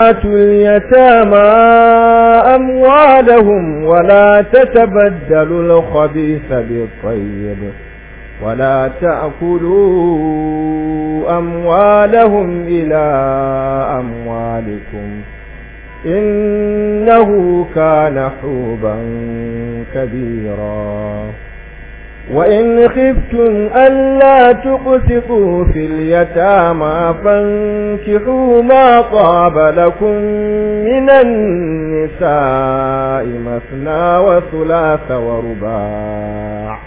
آتوا اليتامى أموالهم ولا تتبدلوا الخبيث بالطيب ولا تأكلوا أموالهم إلى أموالكم إنه كان حوبا كبيرا وإن خفتم ألا تقسطوا في اليتامى فانكحوا ما طاب لكم من النساء مثنى وثلاث ورباع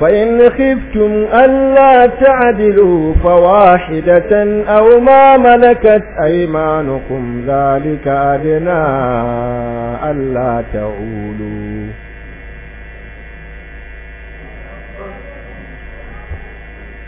فإن خفتم ألا تعدلوا فواحدة أو ما ملكت أيمانكم ذلك أدنى ألا تعولوا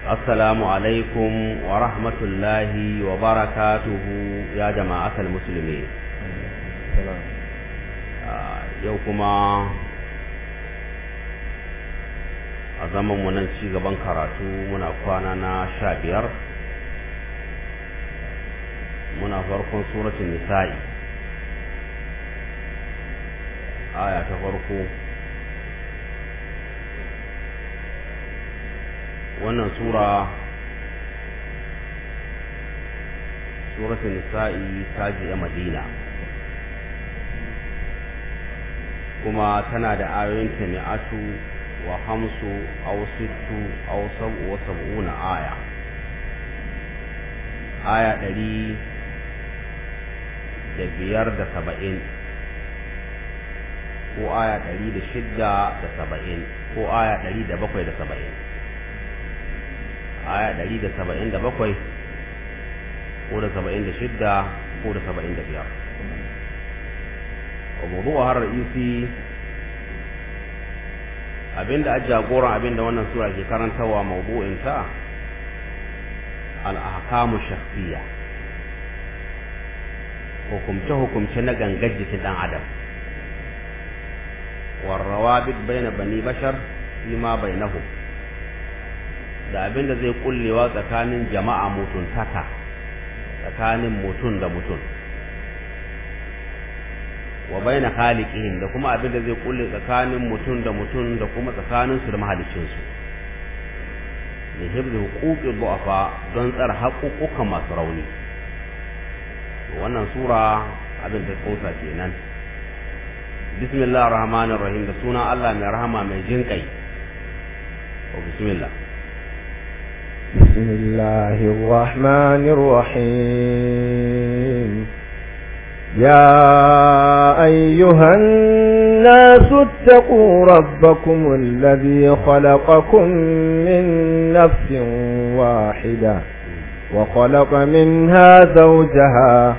assalamu alaikum wa rahmatullahi wa barakatuhu ya jama'atul musulmi ah, yau kuma a zaman mu nan ci gaban karatu muna kwana na sha biyar muna farkon suratun nisa'i aya ta farko wannan sura suratun nisa'i ta a madina kuma tana da ayoyin tami'atu wa hamsu aw sittu aw sab'u wa sab'una aya aya ɗari da biyar da saba'in ko aya ɗari da shidda da saba'in ko aya ɗari da bakwai da saba'in aya 177 ko da 76 ko da 75 وموضوعها الرئيسي abinda ajiya gora abinda wannan sura ke karantawa mawdu'inta al-ahkamu shakhsiyya hukumce hukumce na gangar jikin dan adam war rawabit baina bani bashar fima bainahum da abin da zai kullewa tsakanin jama'a mutuntaka tsakanin mutun da mutun wa baina khaliqihim da kuma abin da zai kulle tsakanin mutun da mutun da kuma tsakanin su da mahaliccin su ne hibdu huquqi du'afa don tsara haƙuƙuka masu rauni wannan sura abin da kosa kenan bismillahir rahmanir rahim da sunan Allah mai rahama mai jinkai bismillah بسم الله الرحمن الرحيم يا أيها الناس اتقوا ربكم الذي خلقكم من نفس واحدة وخلق منها زوجها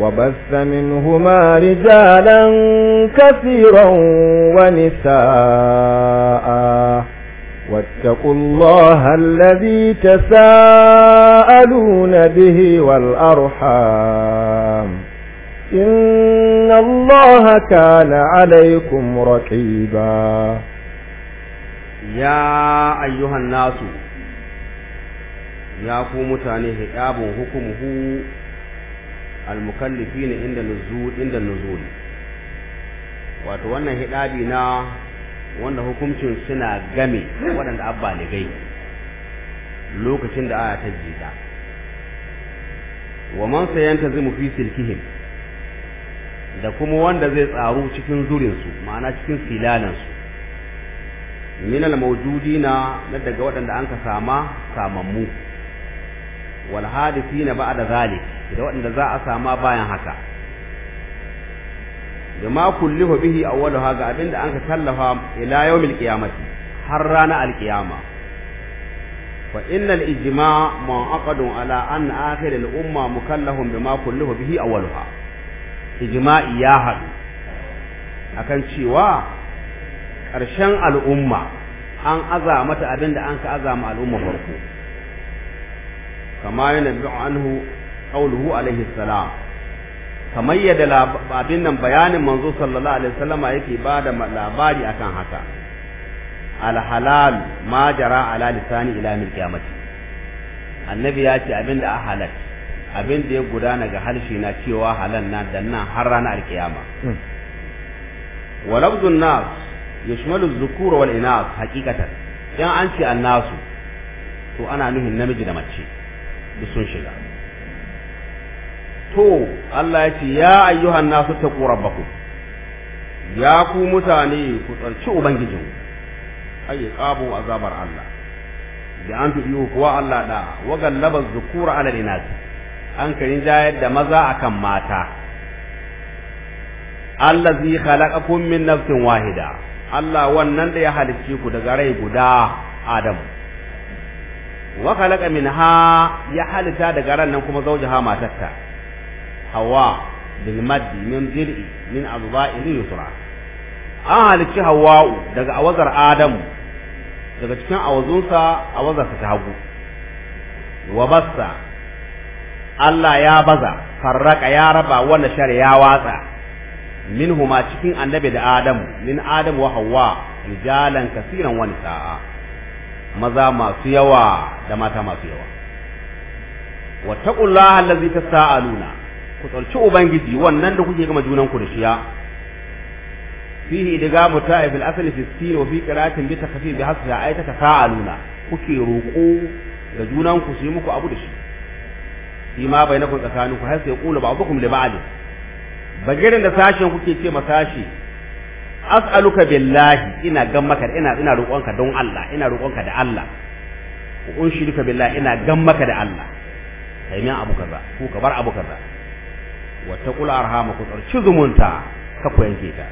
وبث منهما رجالا كثيرا ونساء واتقوا الله الذي تساءلون به والأرحام إن الله كان عليكم رقيبا يا أيها الناس يا قوم تانيه إعاب حكمه المكلفين عند النزول عند النزول وتوانا هدابنا wanda hukuncin suna game waɗanda abba ne gai lokacin da aya ta jida wa man sayantazimu fi silkihim da kuma wanda zai tsaru cikin zurinsu ma'ana cikin su min mawjudina na daga waɗanda an ka sama samammu wal hadithina ba'da zalik da waɗanda za a sama bayan haka bima kullihu bihi awwaluha ga abinda an ka tallafa ila yawmil qiyamati har rana alqiyama fa innal ijma' mu'aqadun ala an akhir al umma mukallahun bima kullihu bihi awwaluha ijma'i ya hadu akan cewa ƙarshen al'umma an aza mata abinda an ka aza ma al'umma farko kama yana bi'u anhu qawluhu alaihi salam kamar yadda abin nan bayanin manzo sallallahu alaihi wasallama yake ba da labari akan haka halal ma jara ala lisani ila mil qiyamati annabi ya ce abin da a halal abin da ya gudana ga harshe na cewa halal na dan nan har ranar alkiyama hmm. wa lafzun nas yashmalu dhukura wal inas haqiqatan in an ce annasu to ana nuhin namiji da mace duk sun shiga to Allah ya ce ya ayyuhan nasu taqu rabbakum ya ku mutane ku tsarci ubangijin ayi qabu azabar Allah da an tubiyu kuwa Allah da wa gallaba zukura ala linas an kai jayar da maza akan mata allazi khalaqakum min nafsin wahida Allah wannan da ya halicce ku daga rai guda Adam wa khalaqa minha ya halita daga ran nan kuma zaujaha matarta Hauwa, bilmaddi min dir'i min abba'i yusra an halicci hawa'u daga awazar adamu daga cikin awazunsa awazarsa ta hagu wa Allah ya baza farraka ya raba wanda shari ya watsa min huma cikin annabi da adamu min adamu wa hawa rijalan kasiran wani sa'a maza masu yawa da mata masu yawa wa ta allazi tasaaluna ku tsarci ubangiji wannan da kuke gama junan ku da shiya fihi idga muta'i bil asli fi sin wa fi qira'atin bi takfif bi hasbi ayata tasaaluna kuke roko da junan ku su yi muku abu da shi shi ma bainakum tsakaninku har sai qulu ba'dukum li ba'd bagirin da sashen kuke ce ma sashi as'aluka billahi ina gammaka maka ina ina roƙonka don Allah ina roƙonka da Allah ku unshi billahi ina gammaka da Allah kai min abu kaza ku ka bar abu kaza wata kula arhama ku tsarci zumunta ka ku yanke ta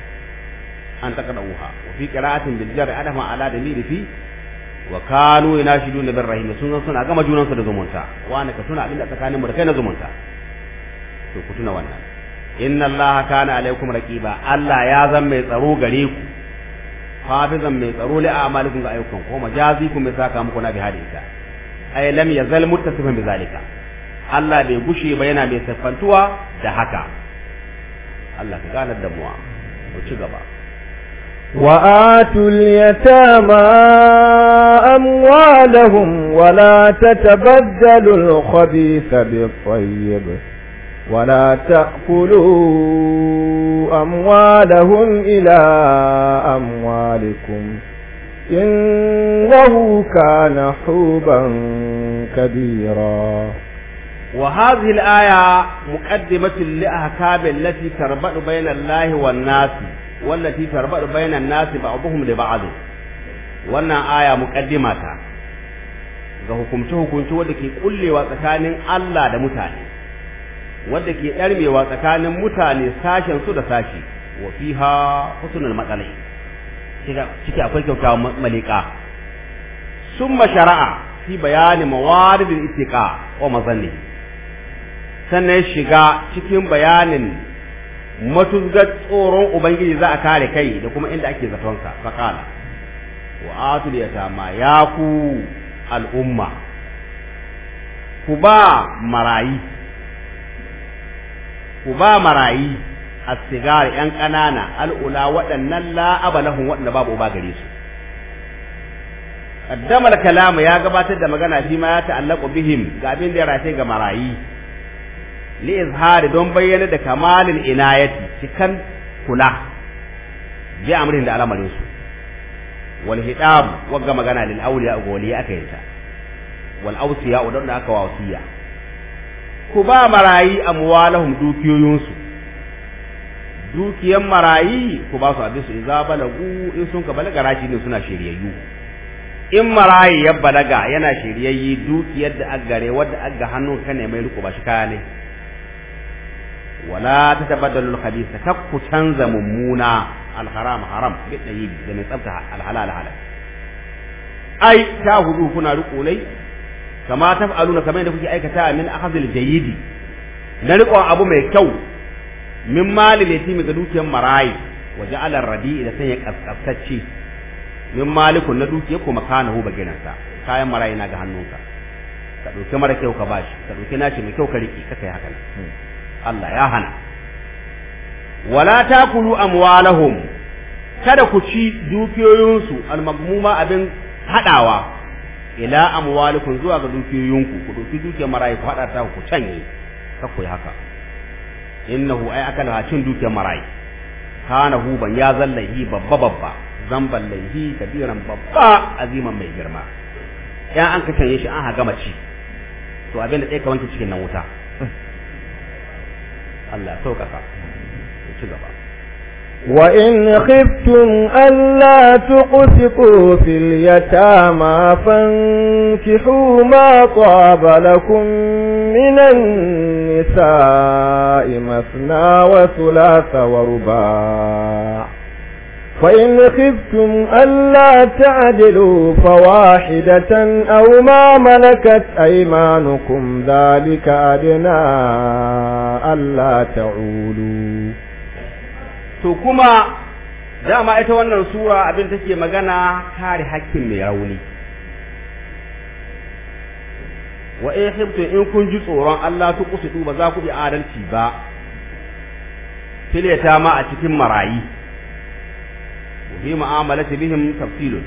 an taka da uha wa fi qira'atin bil jar adama ala da fi wa kanu yanashiduna bir rahim sun suna gama junan da zumunta wa ka tuna abin da tsakanin da kai na zumunta to ku tuna wannan inna allaha kana alaikum raqiba allah ya zan mai tsaro gare ku mai tsaro li a'malikum ga ayyukan majazi ku mai saka na bi hadisa ay Allah bai gushe ba yana mai siffantuwa da haka Allah ka ganar da ci gaba وآتوا اليتامى أموالهم ولا تتبدلوا الخبيث بالطيب ولا تأكلوا أموالهم إلى أموالكم إنه كان حوبا كبيرا وهذه الآية مقدمة لأحكام التي تربط بين الله والناس والتي تربط بين الناس بعضهم لبعض wannan aya muqaddima ta ga hukumce hukumce wanda ke kullewa tsakanin Allah da mutane wanda ke darmewa tsakanin mutane sashen su da sashi wa fiha husnul matsalai ciki akwai kyauta malika summa shara'a fi bayani mawaridil ittiqa wa mazanni sannan shiga cikin bayanin matuzgar tsoron ubangiji za a kare kai da kuma inda ake zatonsa fakala wa atul yatama ya ku al'umma ku ba marayi ku ba marayi asigar yan ƙanana al'ula waɗannan la'abalahun waɗanda babu uba gare su qaddama kalamu ya gabatar da magana shi ma ya ta'allaqu bihim ga abin da ya rafe ga marayi li izhari don bayyana da kamalin inayati cikan kula bi amrin da al'amarin su wal hidab wagga magana lil awliya ga waliya aka yinta wal awsiya don da aka wasiya ku ba marayi amwalahum dukiyoyinsu dukiyan marayi ku ba su abin su idza balagu in sun ka balaga rashi ne suna shiryayyu in marayi ya balaga yana shiryayyi dukiyar da aggare wadda agga hannun ka ne mai riko ba shi kaya ne wala ta tabaddalul khabisa kakku canza mummuna alharam haram bidayi da mai tsafta alhalal halal ai ta hudu kuna riƙonai kama taf'aluna kamar da kuke aikata min akhzil jayyidi na riƙon abu mai kyau min mali yatimi ga dukiyar marayi wa ja'ala radi da sanya kaskasacce min malikun na dukiyar ko makanahu baginansa kayan marayi na ga hannunka ka dauki mara kyau ka bashi ka dauki nashi mai kyau ka riƙe ka kai haka Allah ya hana wala takulu amwalahum kada ku ci dukiyoyinsu almagmuma abin haɗawa ila amwalikum zuwa ga dukiyoyinku ku doki dukiyar marayi ku haɗa ta ku canye ku yi haka innahu ai akala cin dukiyar marayi kana huban ya zallahi babba babba zamban laihi kabiran babba aziman mai girma ya an ka canye shi an ha gama ci to abin da ɗaya ka wanke cikin nan wuta Allah sauƙaƙa ya ci gaba. Wa in khiftum alla tuqsitu fil yatama fankihu ma taba lakum minan nisa'i mathna wa thulatha wa ruba'. فإن خفتم ألا تعدلوا فواحدة أو ما ملكت أيمانكم ذلك أدنى ألا تعولوا تكما dama ita wannan sura abin take magana kare hakkin mai rauni wa in hibtu in kun ji tsoron Allah ku kusudu ba za ku bi adalci ba fileta ma a cikin marayi fi mu'amalati bihim tafsilun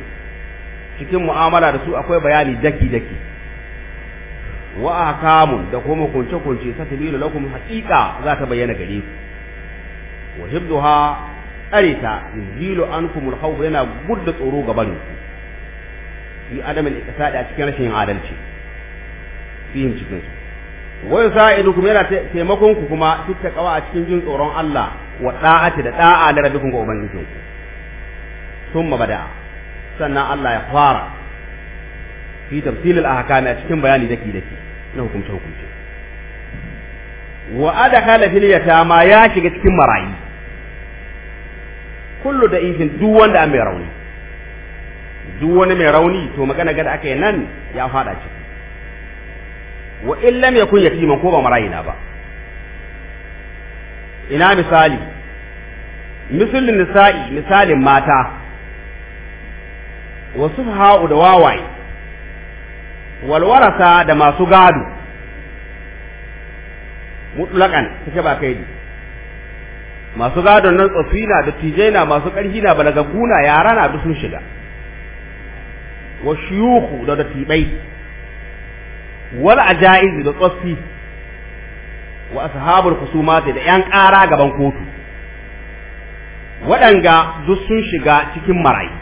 cikin mu'amala da su akwai bayani daki daki wa ahkamun da kuma kunce kunce satbilu lakum haqiqa za ta bayyana gare ku wa hibduha arita yuzilu ankum al-khawf yana gudda tsoro gaban ku fi adam al-iqtisadi a cikin rashin adalci fihim cikin su wa yusa'idukum yana taimakon ku kuma fitta kawa a cikin jin tsoron Allah wa da'ati da da'a da rabbikum ga ubangijinku thumma bada sannan Allah ya fara fi tafsilil ahkami a cikin bayani daki daki na hukunce hukunce wa adkhala fil yatama ya shiga cikin marayi kullu da ifin duk wanda mai rauni duk mai rauni to magana ga da aka yi nan ya fada ciki wa in lam yakun yatiman ko ba marayi na ba ina misali misalin misalin mata wasu ha'u da wawaye walwarasa da masu gado mutlakan suke ba kai masu gado nan tsofina da tijena masu ƙarfi na balagaguna yara na duk sun shiga wa shuyuku da da tibai wal ajaiz da tsoffi wa ashabul khusuma da yan ƙara gaban kotu waɗanga duk sun shiga cikin marayi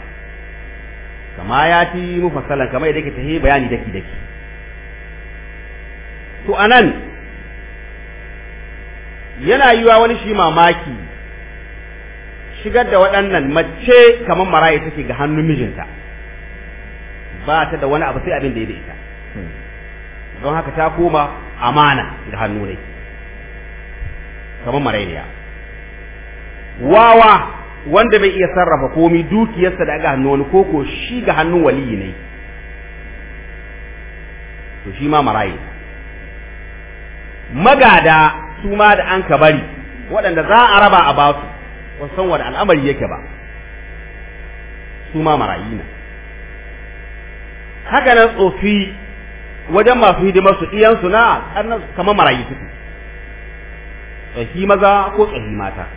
kama ya ti mufassalan kama yadda yake tahi bayani daki daki to anan yana yiwa wani shi mamaki shigar da waɗannan mace kamar maraye take ga hannun mijinta ba ta da wani abu sai abin da ya da ita don haka ta koma amana da hannu ne kamar marainiya wawa wanda bai iya sarrafa komi dukiyarsa da ga hannu wani koko shi ga hannun waliyi ne to shi ma marayi magada su ma da an ka bari waɗanda za a raba a basu wasu san wani al'amari yake ba su ma marayi ne. haka nan tsofi wajen masu hidimar su iyansu na kamar marayi suke tsofi maza ko tsohi mata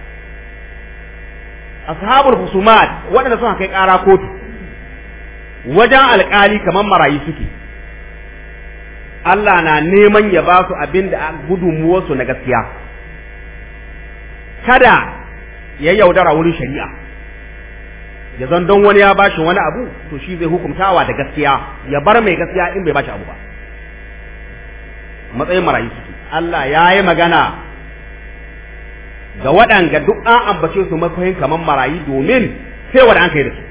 ashabul husumat waɗanda suka kai ƙara kotu wajen alƙali kamar marayi suke Allah na neman ya ba su abin da gudunmuwarsu na gaskiya kada ya yaudara wurin shari'a ya zan don wani ya ba shi wani abu to shi zai hukuntawa da gaskiya ya bar mai gaskiya in bai ba shi abu ba matsayin marayu suke Allah ya yi magana ga waɗanga duk an ambace su matsayin kamar marayi domin sai da an kai da su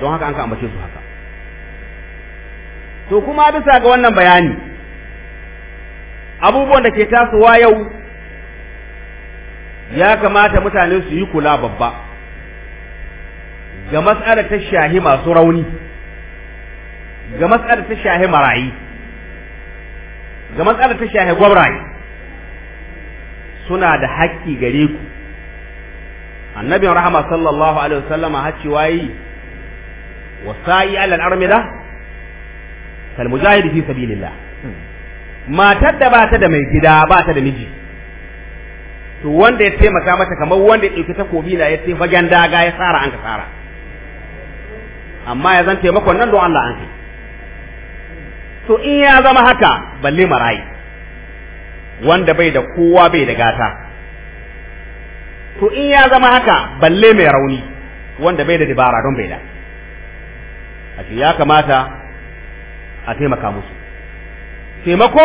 don haka an ka ambace su haka to kuma bisa ga wannan bayani abubuwan da ke tasowa yau ya kamata mutane su yi kula babba ga matsala ta shahi masu rauni ga matsala ta shahi marayi ga matsalar ta shahi gwabraye suna da haƙƙi gare ku annabin rahama sallallahu alaihi wasallama hacci wayi wa sa'i alal armida kal mujahid fi sabilillah matar da bata da mai gida bata da miji to wanda ya taimaka mata kamar wanda ya ɗauki takobi na ya tafi fagen daga ya tsara an ka tsara amma ya zan taimakon nan don Allah an kai to in ya zama haka balle marayi wanda bai da kowa bai da gata to in ya zama haka balle mai rauni wanda bai da dabara don bai da a ce ya kamata a taimaka musu taimako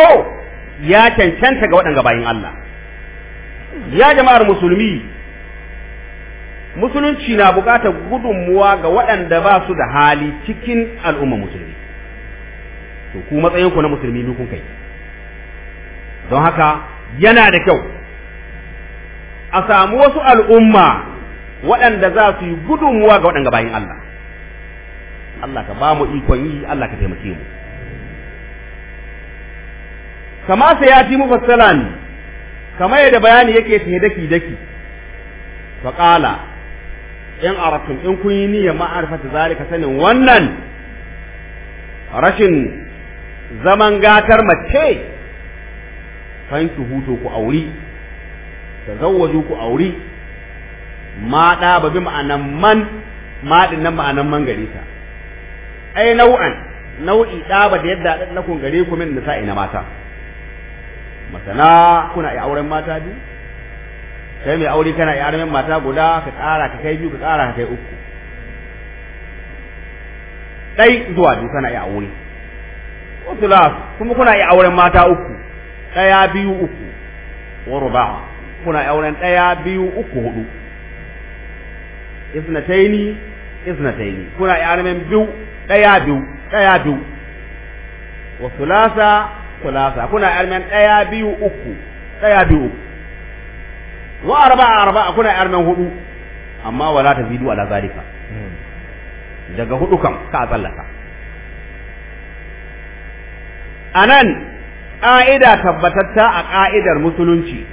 ya cancanta ga waɗanga bayin Allah ya jama'ar musulmi musulunci na bukatar gudunmuwa ga waɗanda ba su da hali cikin al'umma musulmi to ku matsayinku na musulmi kun kai don haka yana da kyau a samu wasu al'umma waɗanda za su yi gudunmuwa ga waɗanda bayan Allah Allah ka ba mu ikon yi Allah ka taimake mu kama sai ya ci mufassala ne kama yadda bayani yake tahe daki daki faƙala, 'yan in in kun yi niyyar ma'arifata zalika sanin wannan rashin zaman gatar mace fanki huto ku auri tazawwaju ku auri mada ba bi ma'anan man madin nan ma'anan man gare ta ai nau'an nau'i da ba da yadda na nakon gare ku min da sai na mata masana kuna ai auren mata bi? Sai mai aure kana ai auren mata guda ka tsara ka kai biyu ka tsara ka kai uku dai zuwa biyu kana ai aure wasu kuma kuna ai auren mata uku ɗaya biyu uku wa kuna auren ɗaya biyu uku hudu isnataini isnataini kuna auren biyu ɗaya biyu ɗaya biyu wa sulasa sulasa kuna auren ɗaya biyu uku ɗaya biyu uku wa arba'a arba'a kuna auren hudu amma wala tazidu ala zalika daga hudu kam ka tsallaka anan ƙa'ida tabbatatta a ƙa'idar musulunci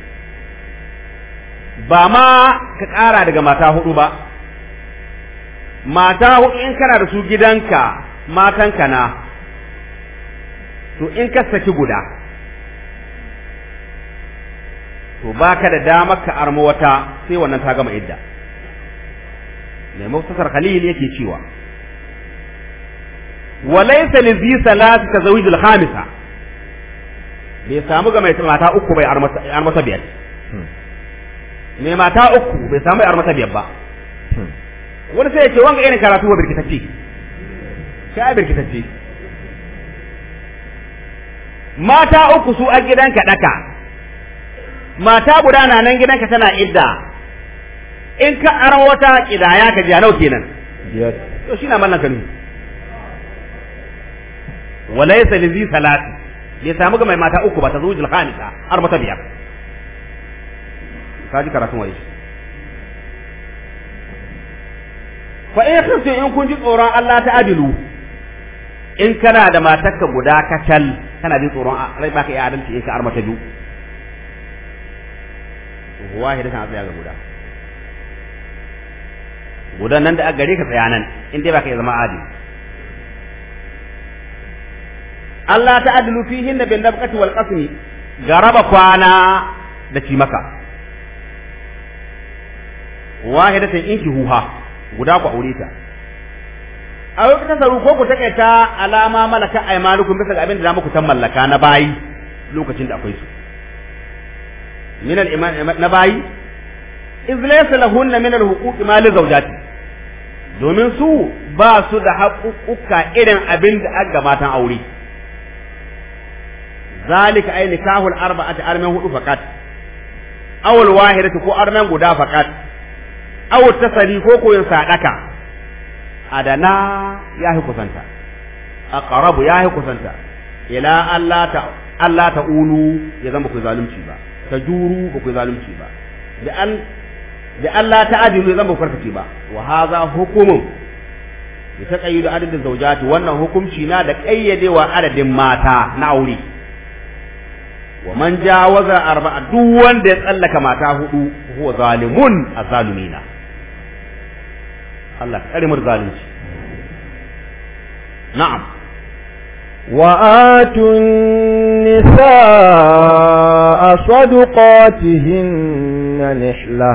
ba ma ka ƙara daga mata hudu ba mata hudu in kana da su gidanka matanka na to in ka saki guda to baka da damar ka armo wata sai wannan ta gama idda mai muktasar khalil yake cewa walaysa lizi salati tazawij al-khamisa bai samu ga mai mata uku bai ar masa biyar hmm. mai mata uku bai samu ar masa biyar ba hmm. wani sai ya ce wanga irin karatu wa birkitacci ka birkitacci mata uku su a gidanka daka mata guda na nan gidanka tana idda in ka aro wata kidaya ka ji nau kenan to shi na mallan kanu walaysa lizi salati bai samu ga mai mata uku ba ta jil khamisa har mata biyar ji karatun wani fa in khiftu in kun ji tsoron Allah ta adilu in kana da matarka guda kacal kana jin tsoron rai baka iya adalci in ka biyu wahi da kan tsaya ga guda gudan nan da a gare ka tsaya nan in dai baka yi zama adil Allah ta fi fihin bil nabqati wal qasmi garaba kwana da ci maka wahidatan ki huha guda ku aure ta a lokacin saru ko ku takaita alama malaka aymanukum bisa ga abin da za muku tan mallaka na bayi lokacin da akwai su min al iman na bayi iz laysa lahunna min al huquq ma li zawjati domin su ba su da haƙuƙuka irin abin da aka matan aure zalika ay nikahul arba'ati armen hudu fakat awal wahidatu ko armen guda fakat aw tasari ko koyin sadaka adana yahi kusanta aqrabu yahi kusanta ila Allah ta ulu ya zama ku zalunci ba ta juru ba zalunci ba da Allah ta ajiru ya zama ku karkace ba wa hadha hukumun adadin zawjati wannan hukunci na da kayyadewa adadin mata na aure wa man jawaza arba'a duk wanda ya tsallaka mata hudu huwa zalimun azalimina Allah kare mu zalunci na'am wa atun nisaa sadqatihinna nihla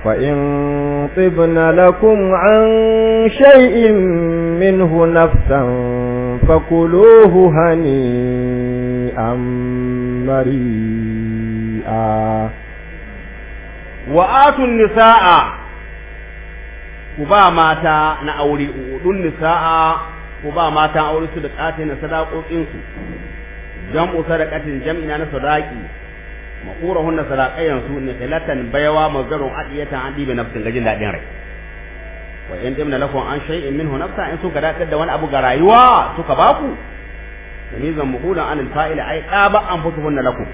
fa in طبن لكم عن شيء منه نفسا فكلوه هنيئا mari'a wa atun nisa'a ku ba mata na aure uɗun nisa'a ku ba mata aure su da tsati na sadaƙoƙin su jam usa da katin jam ina na sadaƙi makura hunna sadaƙayen su ne talatan bayawa mazarun adiyatan an ɗibe nafsin gajin daɗin rai wa in dimna lakum an shay'in minhu in suka dakar da wani abu ga rayuwa suka baku tamizan muhulan anil fa'ila ai qaba anfusuhunna lakum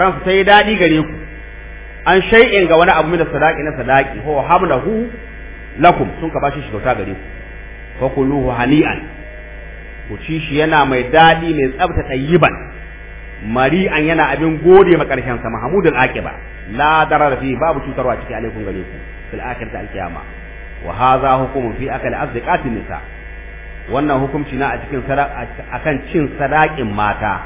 ran su sai dadi gare ku an shay'in ga wani abu min sadaqi na sadaqi ho hamlahu lakum sun ka bashi shi kyauta gare ku fa kuluhu hani'an ku ci shi yana mai dadi mai tsabta tayyiban mari'an yana abin gode ma karshen sa mahmudul aqiba la darara fi babu cutarwa ciki alaikum gare ku fil akhirati al qiyama wa hadha hukumun fi akal azqatin nisa' wannan hukunci na a cikin akan cin sadakin mata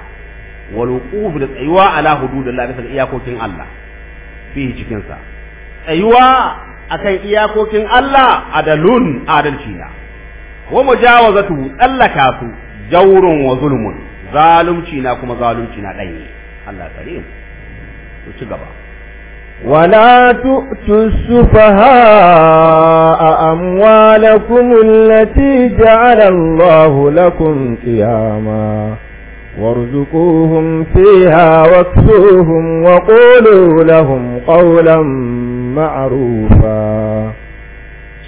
wal da tsayuwa ala hududillah bisa iyakokin Allah fihi cikin sa tsayuwa akan iyakokin Allah adalun adalci na wa mujawazatu tsallaka su jawrun wa zulmun zalunci na kuma zalunci na danye Allah karim ku ci gaba ولا تؤتوا السفهاء أموالكم التي جعل الله لكم قياما وارزقوهم فيها واكسوهم وقولوا لهم قولا معروفا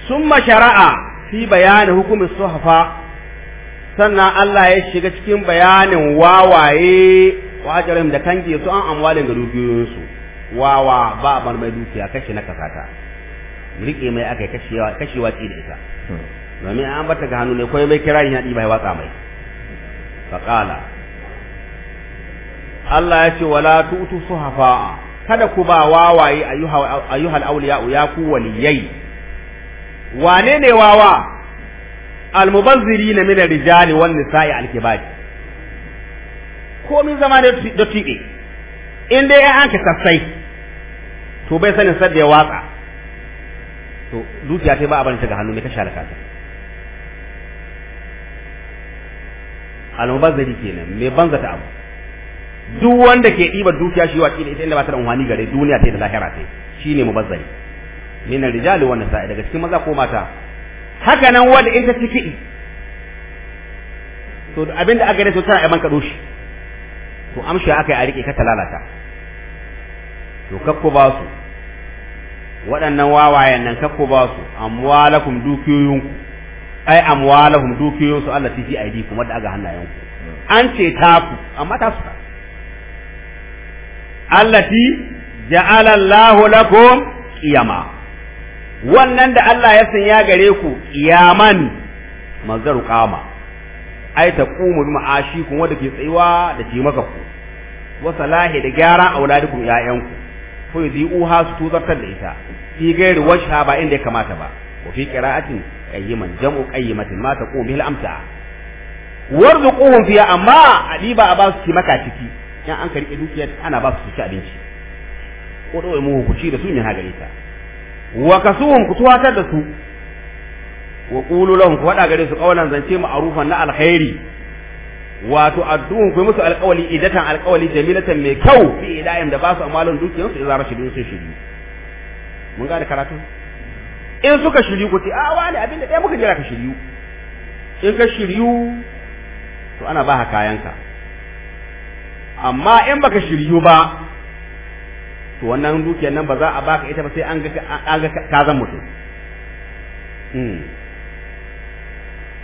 ثم شرع في بيان حكم الصحفة سنة الله يشيك بيان واواي وأجرهم دكانجي سؤال أموال قلوبيوسو wawa ba a bar mai dukiya kashe na kasata rike mai aka kashewa kashewa ce da ita domin an bata ga hannu ne ko mai kira ya ɗiba watsa mai faqala Allah ya ce wala tutu suhafa kada ku ba wawaye ayyuhal auliya ya ku waliyai wane ne wawa almubazzirina min ar-rijali wan nisa'i al Ko min zama da tibe in dai an ka sassai to bai sanin sadda ya watsa to dukiya ta ba a barin ta ga hannu mai kashe halaka ta almubazari kenan mai banza ta abu duk wanda ke ɗiba dukiya shi wa kila ita inda ba ta da unhani gare duniya ta yi da lahira ta shine mubazzari min ar-rijali wannan sa'a daga cikin maza ko mata haka nan wanda in ta ciki to abinda aka gare to tana ai man kado shi to amshi aka yi a rike ka ta lalata. to kakku ba su waɗannan wawayen nan kakku ba su amwalakum dukiyoyinku ai amwalahum dukiyoyinsu Allah ta fi kuma wadda aga hannayenku an ce ta ku amma ta su Allah ti ja'ala Allahu lakum qiyama wannan da Allah ya sanya gare ku qiyaman mazaru qama ai ta taqumu bi kun wanda ke tsayuwa da ke maka ku wa salahi da gyara auladikum ya'yanku ko yudhi'uha su tuzartar da ita fi gairi wajha ba inda ya kamata ba wa fi qira'atin qayyiman jam'u qayyimatin ma taqum bil amsa warzuquhum fiha amma adiba a ba su maka ciki in an karike dukiya ana ba su ci abinci ko dawai mu hukuci da su min hagare ita wa kasuhum ku tuwatar da su wa qulu lahum ku wada gare su qawlan zance ma'rufan na alkhairi wato addu'un ku musu alƙawali idatan alƙawali jamilatan mai kyau fi idayan da ba su amalan dukiyar su idan rashidun sun shiri mun gane karatu in suka shiri ku ce a wani abin da ɗaya muka jira ka shiryu in ka shiryu to ana ba kayanka amma in baka shiryu ba to wannan dukiyar nan ba za a baka ita ba sai an ga an ga ka zan mutum hmm.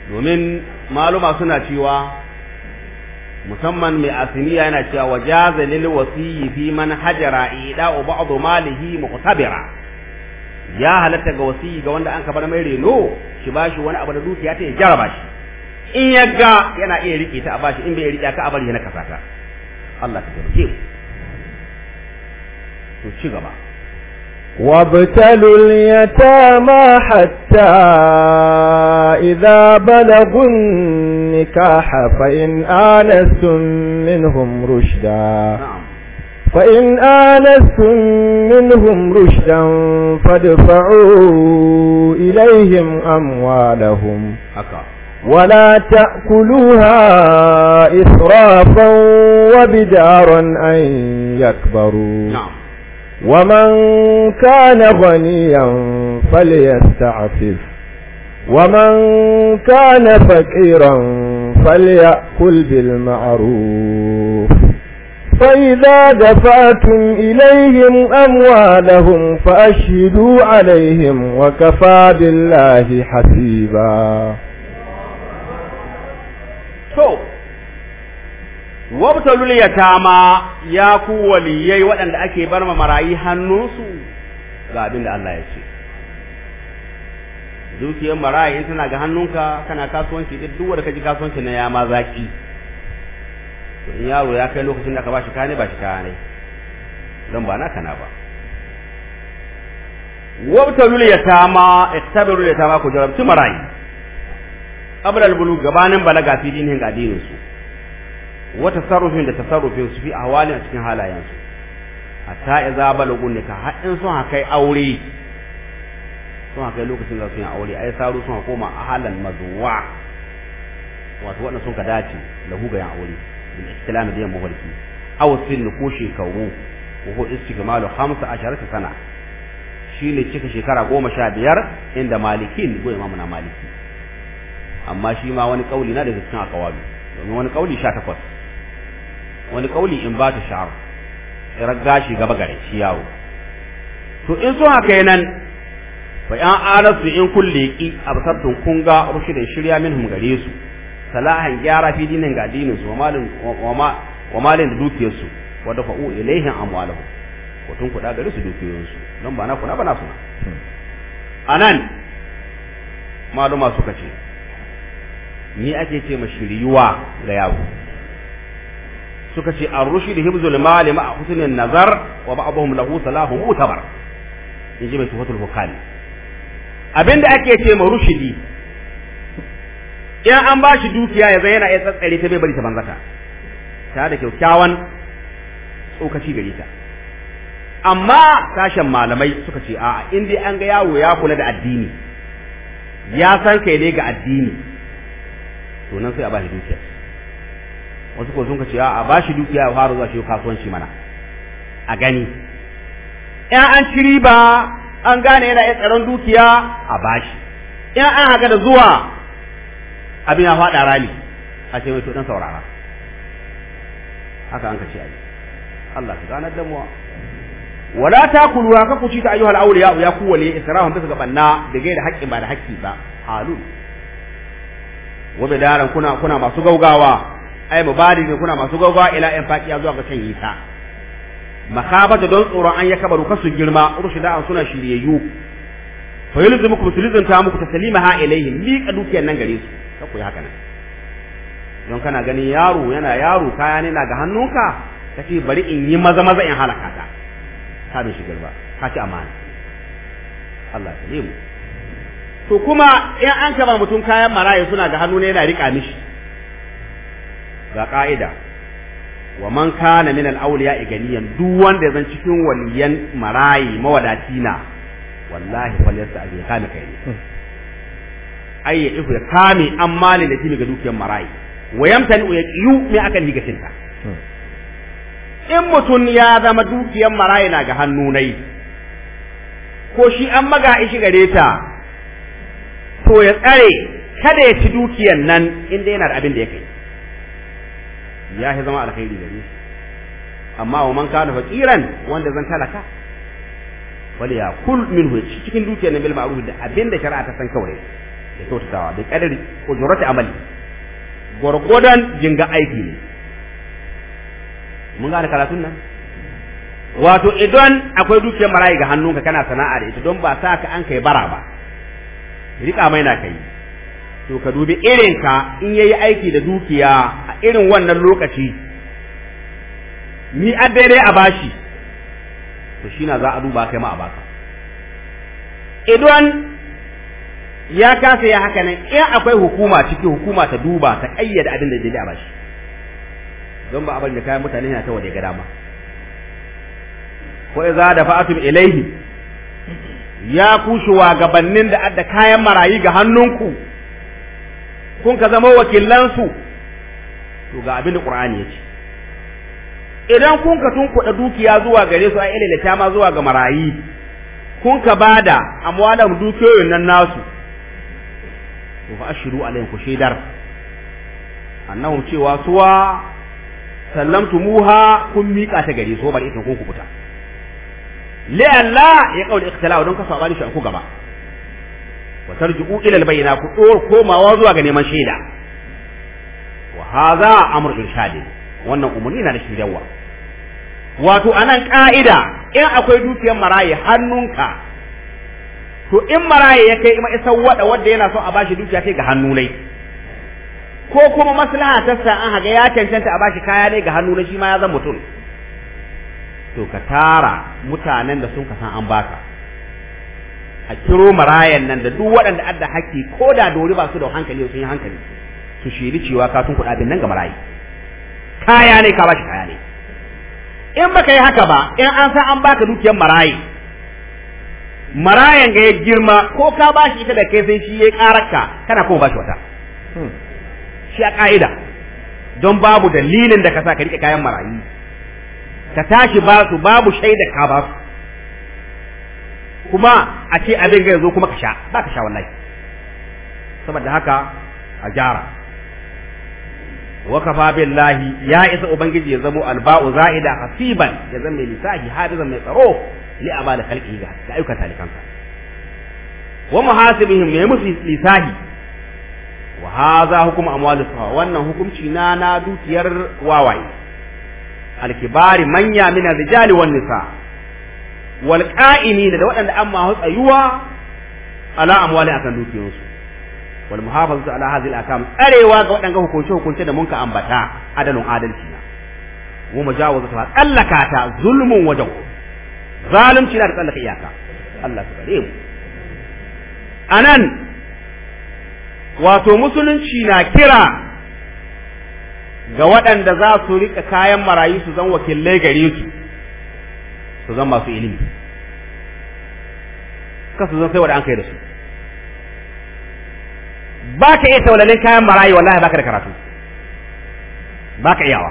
domin maluma suna cewa musamman mai asiniya yana cewa wajaza lil wasiyyi fi man hajara ida'u ba'd malihi muqtabira ya halatta ga wasiyyi ga wanda an bar mai reno shi bashi wani abu da dukiya ta ya jaraba shi in ya ga yana iya rike ta a bashi in bai rike ka a bari na kasata Allah ka taimake to ci gaba وابتلوا اليتامى حتى إذا بلغوا النكاح فإن آنستم منهم رشدا نعم. فإن آنستم منهم رشدا فادفعوا إليهم أموالهم ولا تأكلوها إسرافا وبدارا أن يكبروا نعم ومن كان غنيا فليستعفف ومن كان فقيرا فليأكل بالمعروف فإذا دفعتم إليهم أموالهم فأشهدوا عليهم وكفى بالله حسيبا so wabtalul yatama ya ku waliyai waɗanda ake bar ma marayi hannunsu ga abin da Allah ya ce dukiyar marayi in tana ga hannunka kana kasuwanci duk duk wanda kaji kasuwanci na ya ma zaki to in yaro ya kai lokacin da ka bashi kane bashi kane don ba naka na ba wabtalul yatama iktabirul yatama ku jarabtu marayi qabla bulu gabanin balaga fi dinin ga dinin su Wata sarufin da tasarufin su fi ahwalin cikin a su hatta idza balagun nikah ka haɗin sun haka aure sun haka lokacin za su yi aure yi saru sun koma halin mazuwa wato waɗanda sun ka dace lahu ga yan aure da ihtilam da yan a wasu sin ko shekaru ko ko a 15 sana shi ne cika shekara goma sha biyar inda malikin ne imamu na maliki amma shi ma wani kauli na daga cikin akawabi domin wani kauli takwas. wani kauli in ba ta sha'ar tsirar gashi gaba gare shi yawo to in so haka yanan fa yan arasu in kulle ki absabtun kun ga da shirya min gare su salahan gyara fi dinin ga dinin su wa malin da dukiyar su wa dafa'u ilaihim amwalahum ko tun kuɗa gare su dukiyoyin su don ba na kuna ba na suna anan maluma suka ce ni ake ce ma shiryuwa ga yawo suka ce rushi da hibzul malima a husnin nazar wa ba'dhum lahu salahu mutabar inji mai tufatul hukami abinda ake ce ma rushidi in an ba shi dukiya ya zai yana iya tsatsare ta bai bari ta banzata ta da kyakkyawan tsokaci gare ta amma sashen malamai suka ce a'a in dai an ga yawo ya kula da addini ya san kai ne ga addini to nan sai a ba shi dukiya wasu ko sun ka ce a ba shi dukiya ya fara zuwa shi kasuwanci mana a gani in an ci riba an gane yana iya tsaron dukiya a bashi in an haka da zuwa abin ya faɗa rali a ce mai to dan saurara haka an ka ce yi. Allah ka ganar da mu wala takulu ka kuci ta ayyuhal awliya ya ku wali israhum bisa gabanna da gaida haƙƙin ba da haƙƙi ba Halu, wabe daren kuna kuna masu gaugawa ai mubalig kuna masu gaggawa ila in faqiya zuwa ga shan yisa mahabata don tsoron an ya kabaru kasu girma urshida an suna shiryayyu fa yulzimukum sulizan ta muku taslima ha ilaihim mi ka dukiyan nan gare su ka koyi haka nan don kana ganin yaro yana yaro kaya ne na ga hannunka kace bari in yi maza maza in halaka ta ka bi shi girma ka ci amana Allah ya mu to kuma in an kaba mutum kayan maraye suna ga hannu ne yana rika mishi ga ka'ida wa man kana min al-awliya ganiyan duk wanda zan cikin waliyan marayi mawadati na wallahi falyasta zai kame kai ne hmm. ai ya ifu kame an mali da ga dukiyan marayi wa yamtani ya qiyu me akan higacin hmm. in mutun ya zama dukiyan marayi na ga hannu nai ko shi an maga ishi gare ta to ya tsare kada ya ci dukiyan nan inda yana da abin da ya kai ya fi zama alkhairi gare shi amma wa man kana faqiran wanda zan talaka wala ya kul minhu cikin na bil ma'ruf da abinda shari'a ta san kawai da kyautatawa da kadari jurati amali gurgudan jinga aiki ne mun gane karatun nan wato idan akwai dukiyar marayi ga hannunka kana sana'a da ita don ba sa ka an kai bara ba rika mai na kai to ka dubi irinka in yayi aiki da dukiya a irin wannan lokaci ni a daidai a bashi to shi na za a duba kai ma a baka idan ya kasa ya haka nan in akwai hukuma ciki hukuma ta duba ta ƙayyada abin da daidai a bashi don ba abin da kayan mutane yana ta waje ga dama ko da fa'atum ilaihi ya wa shuwagabannin da adda kayan marayi ga hannunku kun ka zama wakilansu to ga abin da Qur'ani ya ce idan kun ka tunkuɗa dukiya zuwa gare su a ilalata ma zuwa ga marayi kun ka bada amwalan dukiyoyin nan nasu to fa ashiru alayhim ku shaidar cewa suwa sallamtumuha kun miƙa ta gare su bar ita kun kubuta la ya qawl ikhtilaf don ka sabani shi ku gaba wa tarji'u ila al-bayna ku dor komawa zuwa ga neman shaida wa hadha amru irshadi wannan umurni na da shiryawa wato anan ka'ida in akwai dukiyar marayi hannunka to in marayi ya kai isa wada wanda yana son a bashi dukiya kai ga hannu ne ko kuma maslaha ta sa an haga ya cancanta a bashi kaya ne ga hannu ne shi ma ya zama mutum to ka tara mutanen da sun ka san an baka a kiro marayan nan da duk waɗanda adda haƙƙi ko da dori ba su da hankali sun yi hankali su shiri cewa ka sun kuɗaɗen nan ga marayi kaya ne ka bashi kaya ne in baka yi haka ba in an san an baka dukiyar marayi marayan ga ya girma ko ka bashi ita da kai sai shi ya ƙararka kana kuma bashi wata hmm. shi a ƙa'ida don babu dalilin da ka sa ka riƙe kayan marayi ka tashi ba su babu shaida ka ba su kuma a ce abin ga yazo kuma ka sha ba ka sha wallahi saboda haka a gyara wa kafa billahi ya isa ubangiji ya zamo alba'u za'ida hasiban ya zama mai lisahi hadizan mai tsaro li abada khalqihi ga ayyukan talikansa wa muhasibihim mai musu lisahi wa hadha hukum amwalus wannan hukunci na na dukiyar wawaye alkibari manya min rijali wan nisa' wal qa'imina da waɗanda amma hatsayuwa ala amwali akan dukiyoyinsu wal muhafazatu ala hadhihi al akam arewa ga waɗanda hukunce hukunce da munka ambata adalun adalci na wa majawazatu ha tsallaka ta zulmun wajen zalunci na da tsallaka iyaka Allah su kare mu wato musulunci na kira ga waɗanda za su rika kayan marayu su zan wakilai gare su su zan masu ilimi kasu zan sai wanda an kai da su ba ka iya taulalin kayan marayi wallahi ba ka da karatu ba ka iyawa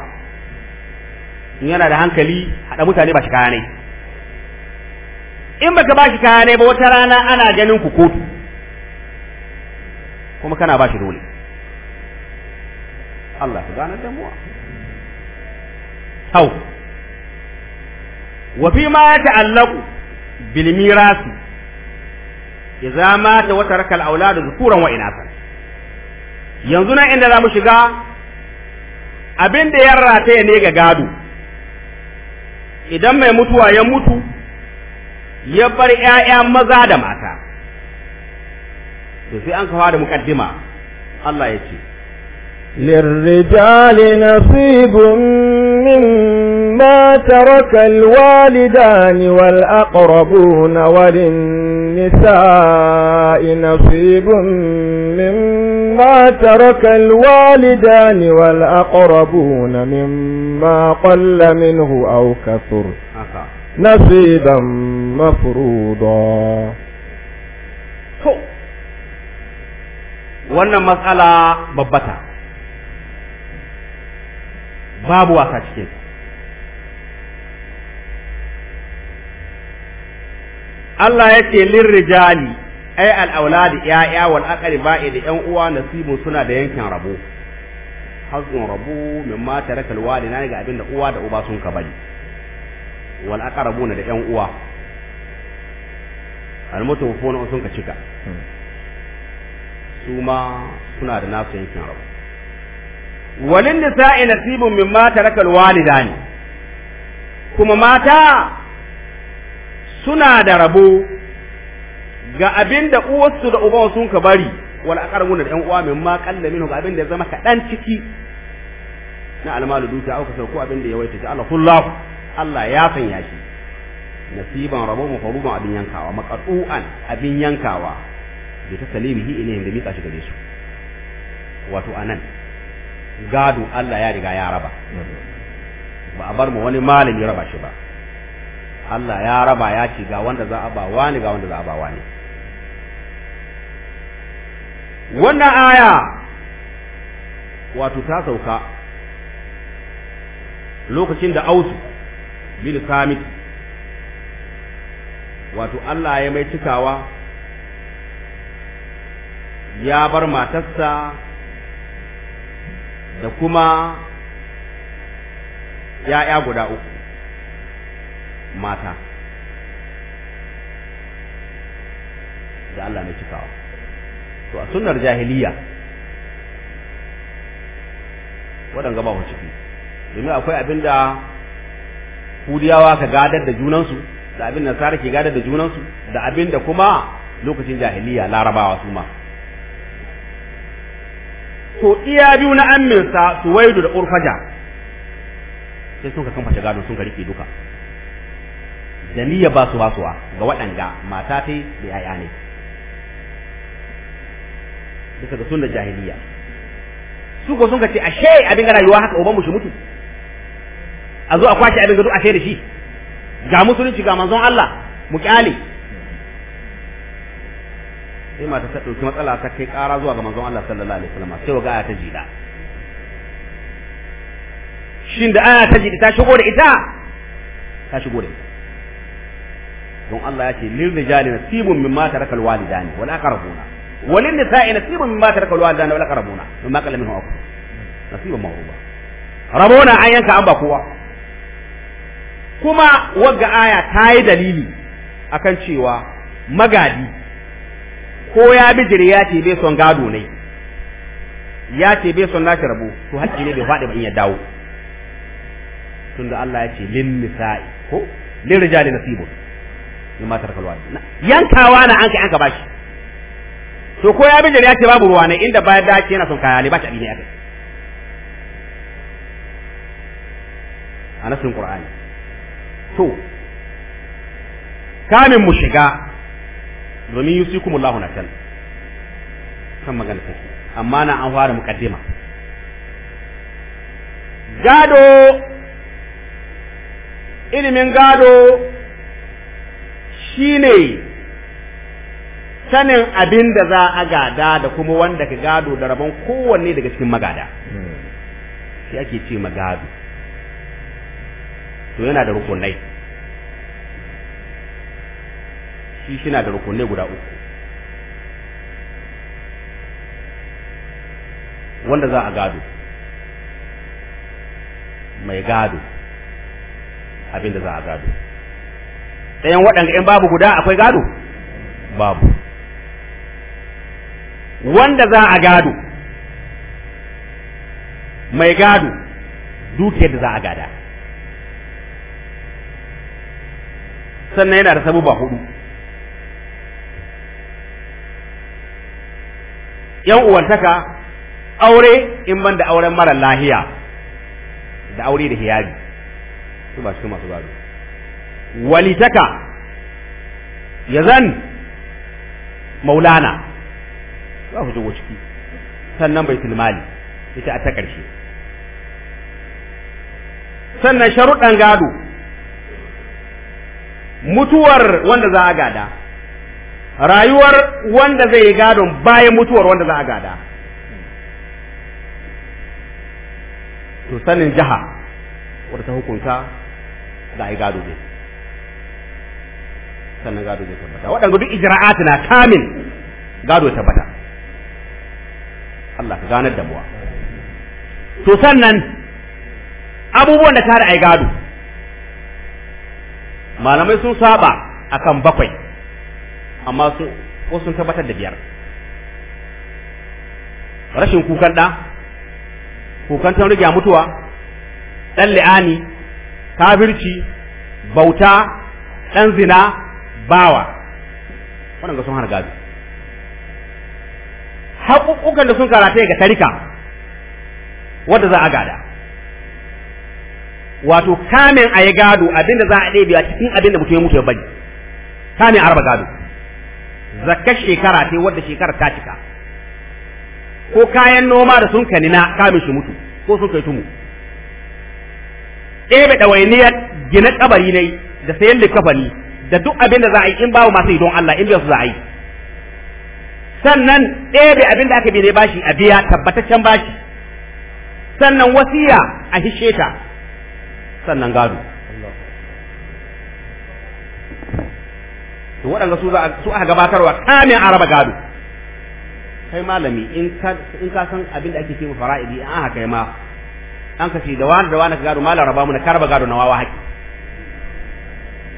in yana da hankali haɗa mutane ba shi kaya ne in baka ba shi kaya ne ba wata rana ana ganin ku kotu kuma kana ba shi dole Allah ku gane damuwa hau wa fi ma ya ta'allaqu bil mirasi idza mata wa taraka al awlad dhukuran wa inasan yanzu na inda zamu shiga abin da ya ne ga gado idan mai mutuwa ya mutu ya bar yaya maza da mata to sai an kawo da muqaddima Allah ya ce للرجال نصيب مما ترك الوالدان والأقربون وللنساء نصيب مما ترك الوالدان والأقربون مما قل منه أو كثر نصيبا مفروضا wannan matsala babbata babu wasa cikin Allah ya ce lirrijali ai al'auladi ‘ya'ya wal ba’i da ‘yan uwa nasibin suna da yankin rabo, hazin rabo min mata raka alwali na ga abin da uwa da uba sun ka bari, wal aqrabu na da ‘yan uwa, almutu na sun ka cika, hmm. su ma suna da nasu yankin rabo. walin nisa'i nasibun mimma tarakal ne kuma mata suna da rabo ga abin da uwarsu da uban sun ka bari wal ƙarar da yan uwa ma ƙalla minhu ga abin da ya zama kaɗan ciki na almalu duta auka sauko da ya waita Allah kullahu Allah ya ya shi nasiban rabo mafaruban abin yankawa maqdu'an abin yankawa bi tasalimihi ilayhim da mika shi gare su wato anan gado Allah ya riga ya raba ba a bar mu wani malami raba shi ba Allah ya raba ya ce ga wanda za a ba wani ga wanda za a ba wani wannan aya wato ta sauka lokacin da ausu bin samit wato Allah ya mai cikawa ya bar matarsa da kuma ‘ya'ya guda uku mata da Allah na cikawa. To, a sunar jahiliya waɗanga ba ciki, domin akwai abinda da hudiyawa ka gadar da junansu, da abin da ke gadar da junansu, da abin da kuma lokacin jahiliya larabawa su ma. to iya biyu na amminsa suwaidu da urfaja sai sun ka kan fata gado sun ka rike duka da ba su basuwa ga waɗanda mata ta da yaya ne duka ga sunnar jahiliya su ko sun ka ce ashe abin ga rayuwa haka uban mu mutu a zo a kwashe abin gado ashe da shi ga musulunci ga manzon Allah mu kyale sai mata ta ɗauki matsala ta kai ƙara zuwa ga manzon Allah sallallahu alaihi wasallam sai ga aya ta jida shin da aya ta jida ta shigo da ita ta shigo da ita don Allah ya ce lil rijali nasibun mimma taraka alwalidani wal aqrabuna walin nisa'i nasibun mimma taraka alwalidani wal aqrabuna mimma qala minhu aqul nasibun mawruba rabona an yanka an ba kowa kuma wagga aya ta yi dalili akan cewa magadi ko ya bijire ya ce bai son gado ne ya ce bai son nashi rabo to hakki ne bai faɗi ba in ya dawo tunda Allah ya ce lin nisa'i ko lin rijali nasibun ma tarakal walid yankawa na an kai an ka bashi to ko ya bijire ya ce babu ruwa ne inda bayan da ake yana son kaya ne ba shi abin ne kai a nasin qur'ani to kamin mu shiga domin Allah na can kan magana take amma na an fara mukaddima gado ilimin gado shine sanin abin da za a gada da kuma wanda ka gado da rabon kowanne daga cikin magada hmm. shi ake ce magado to yana da rukunai shi shi na da rukunai guda uku wanda za a gado mai gado abinda za a gado ɗayan waɗanda yan babu guda akwai gado babu wanda za a gado mai gado dukiyar da za a gada sannan yana da ba hudu yan uwantaka aure in ban da auren mara lahiya da aure da hiyari su ba su masu gado walitaka ya zan maulana za ku ciki sannan bai tilmali ita a ta ƙarshe sannan sharuɗan gado mutuwar wanda za a gada rayuwar wanda zai yi gadon bayan mutuwar wanda za a gada to sanin jiha wadda ta hukunta da a yi gado ne sannan gado zai tabbata waɗanda duk ijra'at na kamin gado ya tabbata Allah ka ganar da muwa to sannan abubuwan da a yi gado malamai sun saba akan bakwai amma sun ko sun tabbatar da biyar rashin kukan ɗa kukan ta rige mutuwa ɗan li'ani kafirci bauta ɗan zina bawa waɗanda sun hana gado haƙuƙukan da sun karata ga tarika wadda za a gada wato kamin a yi gado abinda za a ɗebe a cikin abinda mutum ya mutu ya bari kamin arba gado zakka shekara ce wadda shekara ta cika ko kayan noma da sun kanina kamin shi mutu ko sun kai tumu ɗebe ɗawainiyar gina kabari ne da sayan likafani da duk abin da za a yi in babu masu don Allah in su za a yi sannan ɗebe abin da aka bi ne bashi a biya tabbataccen bashi sannan wasiya a hishe ta sannan gado to waɗanda su za su aka gabatarwa kamin araba gado kai malami in ka in ka san abin da ake cewa fara'idi an haka kai ma an ka ce da wani da wani ka gado malam raba mu na karba gado na wawa haƙi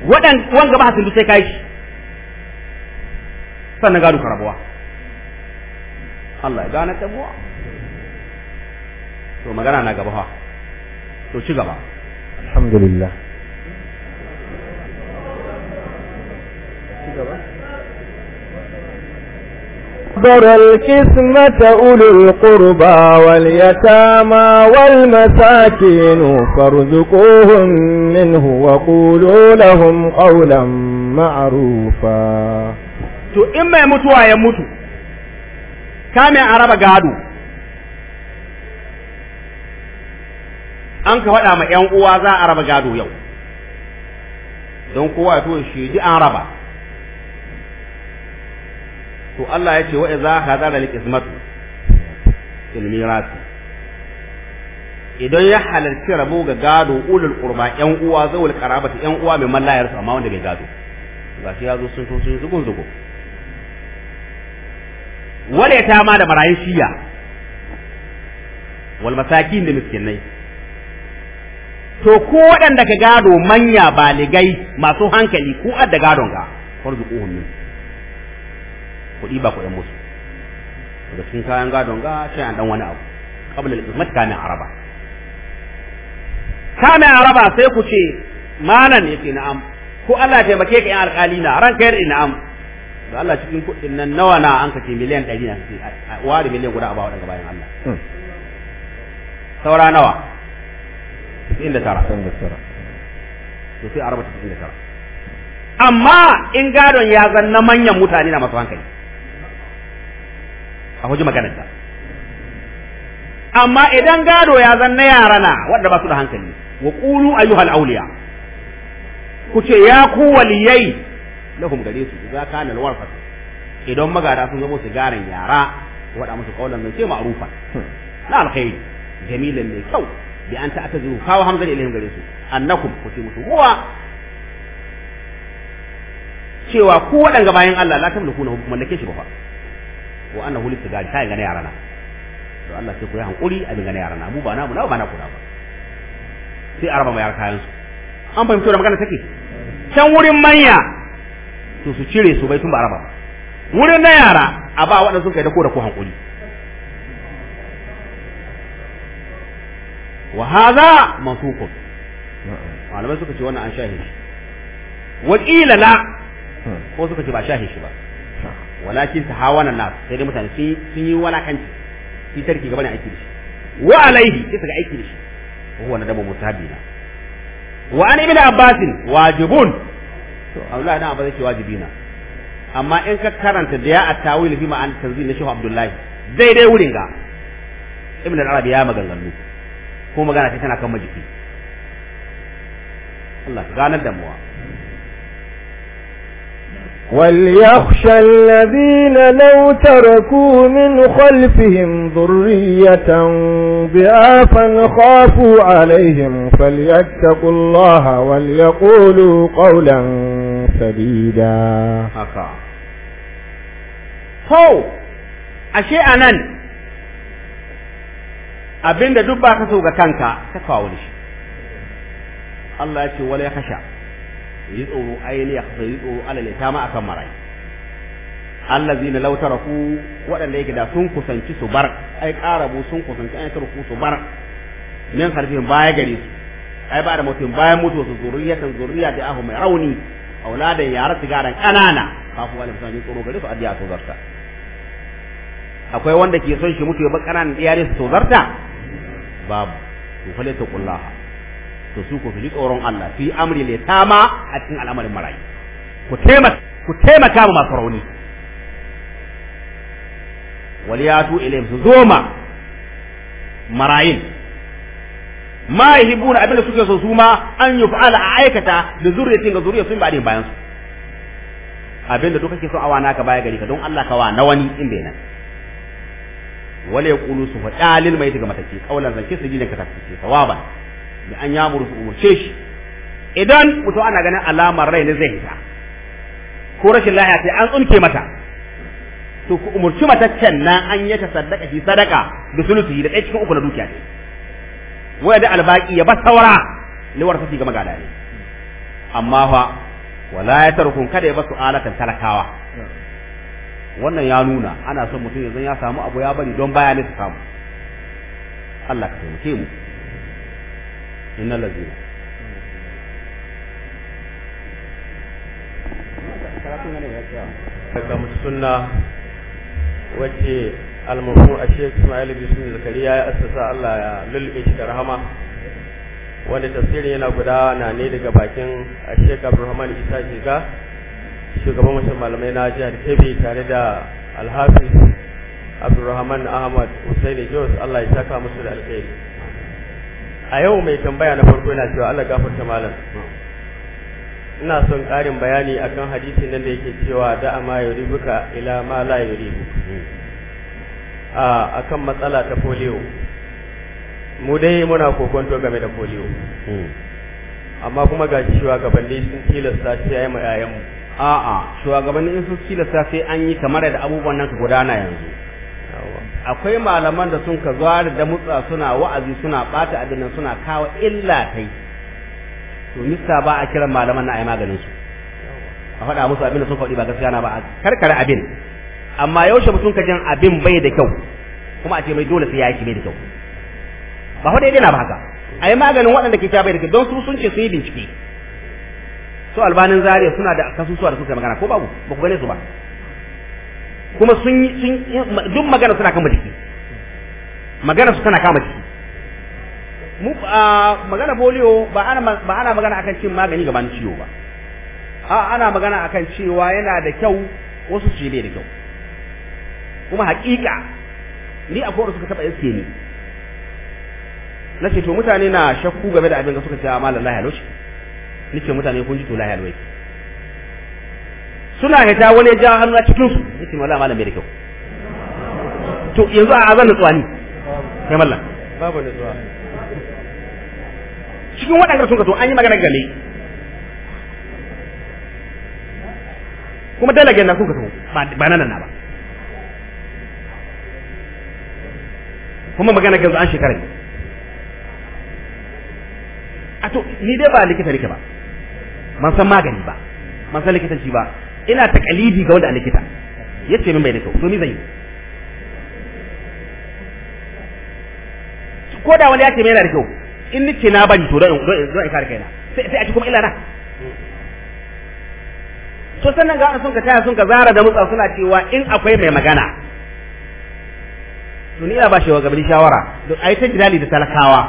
waɗan wanga ba sun sai kai sannan gado ka rabuwa Allah ya gane tabuwa to magana na gaba ha to ci gaba alhamdulillah ضر القسمة أولو القربى واليتامى والمساكين فارزقوهم منه وقولوا لهم قولا معروفا to in mai mutuwa ya mutu kame a raba gado an ka faɗa ma 'yan uwa za a raba gado yau don kowa to shi ji an raba to Allah ya ce wa idza hadara al-qismatu fil miras idan ya halarci rabo ga gado ulul qurba yan uwa zawul qarabati yan uwa mai mallayar su amma wanda bai gado gashi ya zo sun to sun zugun zugo wale ta ma da marayin shiya wal masakin da miskinai to ko waɗanda ka gado manya baligai masu hankali ko adda gadon ga farzuquhum min kuɗi ba kuɗin musu daga cikin kayan gadon ga sai an dan wani abu qabla al-qismat kana araba kana araba sai ku ce malan yake na'am ko Allah ya taimake ka in alƙali na ran kai na'am da Allah cikin kuɗin nan nawa na an kace miliyan 100 na sai wari miliyan guda a bawa daga bayan Allah hmm. saura nawa tara. tara to sai araba tara. amma in gadon ya zanna manyan mutane na masu hankali a waje maganarta amma idan gado ya zanna yara na wanda ba su da hankali wa qulu ayyuhal awliya ku ce ya ku waliyai lahum gare su ka kana warfa idan magada sun zama sigaran yara wada musu kaulan nan ce ma'rufa na alkhairi jamilan mai kyau bi an ta'tazu kawo hamzar ilayhim gare su annakum ku ce musu huwa cewa ku wadanga bayan Allah la tamliku na mallake shi ba fa wa huli sigari ta ga na yarana to Allah sai ku yi hankuri abin ga na yarana mu ba na mu na ba na ku ba sai araba mai kayan su an fahimci da magana take can wurin manya to su cire su bai tun ba araba wurin na yara a ba waɗanda sun kai da ko da ko hankuri wa hadha mansukun malamai suka ce wannan an shahi shi wa qila la ko suka ce ba shahi shi ba walakin ta hawana na sai dai mutane sun yi walakanci shi tarki gaba ne aiki da shi wa alaihi sai ga aiki da shi huwa na dabu mutabi na wa an ibn abbas wajibun to Allah dan abbas shi wajibi na amma in ka karanta da ya at-tawil bi ma'an tanzil na shehu abdullahi daidai wurin ga ibn al-arabi ya maganganu ko magana ce tana kan majiki Allah ganar da muwa وليخشى الذين لو تركوا من خلفهم ذرية ضعافا خافوا عليهم فليتقوا الله وليقولوا قولا سديدا هو ashe anan abinda duk ba ka so ga kanka ka kawo shi Allah ya ce wala ya kasha yi tsoro ainihi ya yi tsoro alal yatama akan marayi zina lautara ku waɗanda yake da sun kusanci su bar ai karabu sun kusanci ai ku su bar min harfin baya gare su ai ba da mutum bayan mutu su zuriyatan zuriya da ahu mai rauni auladan yara sigaran kanana kafu wani musan tsoro gare su addiya to zarta akwai wanda ke son shi mutu ya ba kananan iyare su zarta babu to fa ta kullaha to su ko fili tsoron Allah fi amri ne tama a cikin al'amarin marayi ku taimaka ku taimaka ma masu rauni waliyatu ilayhim su zoma marayin ma yahibuna abin da suke so su ma an yuf'ala a aikata da zurriyatin ga zuriyar sun ba da bayan su abin da duk kake so awana ka baya gari ka don Allah ka wa na wani in bai nan wala yaqulu su fa dalil mai daga matake kaulan zance su gina ka tafi sawaban da an yamuru su umarce shi idan mutum ana ganin alamar rai ne zai hita ko rashin lahiya sai an tsunke mata to ku mata can na an yi ta sadaka shi sadaka da sulusi da ɗaya cikin uku na dukiya ne waya da albaki ya ba saura ne warta ga magada ne amma fa wala ya tarkun kada ya basu alatan talakawa wannan ya nuna ana son mutum yanzu ya samu abu ya bari don baya ne su samu Allah ka taimake mu innal ladina daga sunna wace almahu a shek ismail bisu zakariya ya assasa Allah ya lulluɓe da rahama wanda tafsirin yana gudana ne daga bakin a shek abdulrahman isa shiga shugaban wasu malamai na jihar kebe tare da alhafi abdulrahman ahmad hussein jos Allah ya saka musu da alkhairi a yau mai tambaya na farko yana cewa Allah gafarta malam ina son ƙarin bayani akan hadisi nan da yake cewa da ma buka ila ma la yuribu a akan matsala ta polio mu dai muna kokonto game da polio amma kuma ga gabanin sun tilasta sai ayi mu a'a shugabanni sun tilasta sai an yi kamar da abubuwan nan ka gudana yanzu akwai malaman da sun ka zuwa da mutsa suna wa'azi suna bata addinin suna kawo illa tai to mista ba a kiran malaman na ayi maganin su a faɗa musu abin da sun faɗi ba gaskiya na ba a karkare abin amma yaushe mutum ka jin abin bai da kyau kuma a ce mai dole sai ya yi bai da kyau ba fa dai na ba haka ayi maganin waɗanda ke bai da kyau don su sun ce sun yi bincike su albanin zariya suna da kasusuwa da suka magana ko babu ba ku gane su ba kuma sun yi sun duk magana suna kama jiki magana su tana kama jiki mu magana polio ba ana ba ana magana akan cin magani gaban ciwo ba a ana magana akan cewa yana da kyau wasu su bai da kyau kuma hakika ni a kowace suka taba yake ni na ce to mutane na shakku game da abin da suka ce ah, amma lallahi haloshi ni ce mutane kun ji to lallahi haloshi suna hita wani ya ja hannu a cikin su yace wallahi malam bai da kyau to yanzu a azan nutsuwa ne kai mallam babu nutsuwa cikin waɗanda sun ka an yi magana gale kuma dalagen na sun ka ba nan na ba kuma magana yanzu an shekara ne a to ni dai ba likita nake ba man san magani ba man san likitanci ba ina takalidi ga wanda a likita yace min bai da kyau to ni zai ko da wani ya ce mai yana da kyau in ni ce na bari to don in kare kaina sai a ci kuma illa na to sannan ga sun ka taya sun ka zara da mutsa suna cewa in akwai mai magana to ni ina ba shi wa gabani shawara don ai ta jidali da talakawa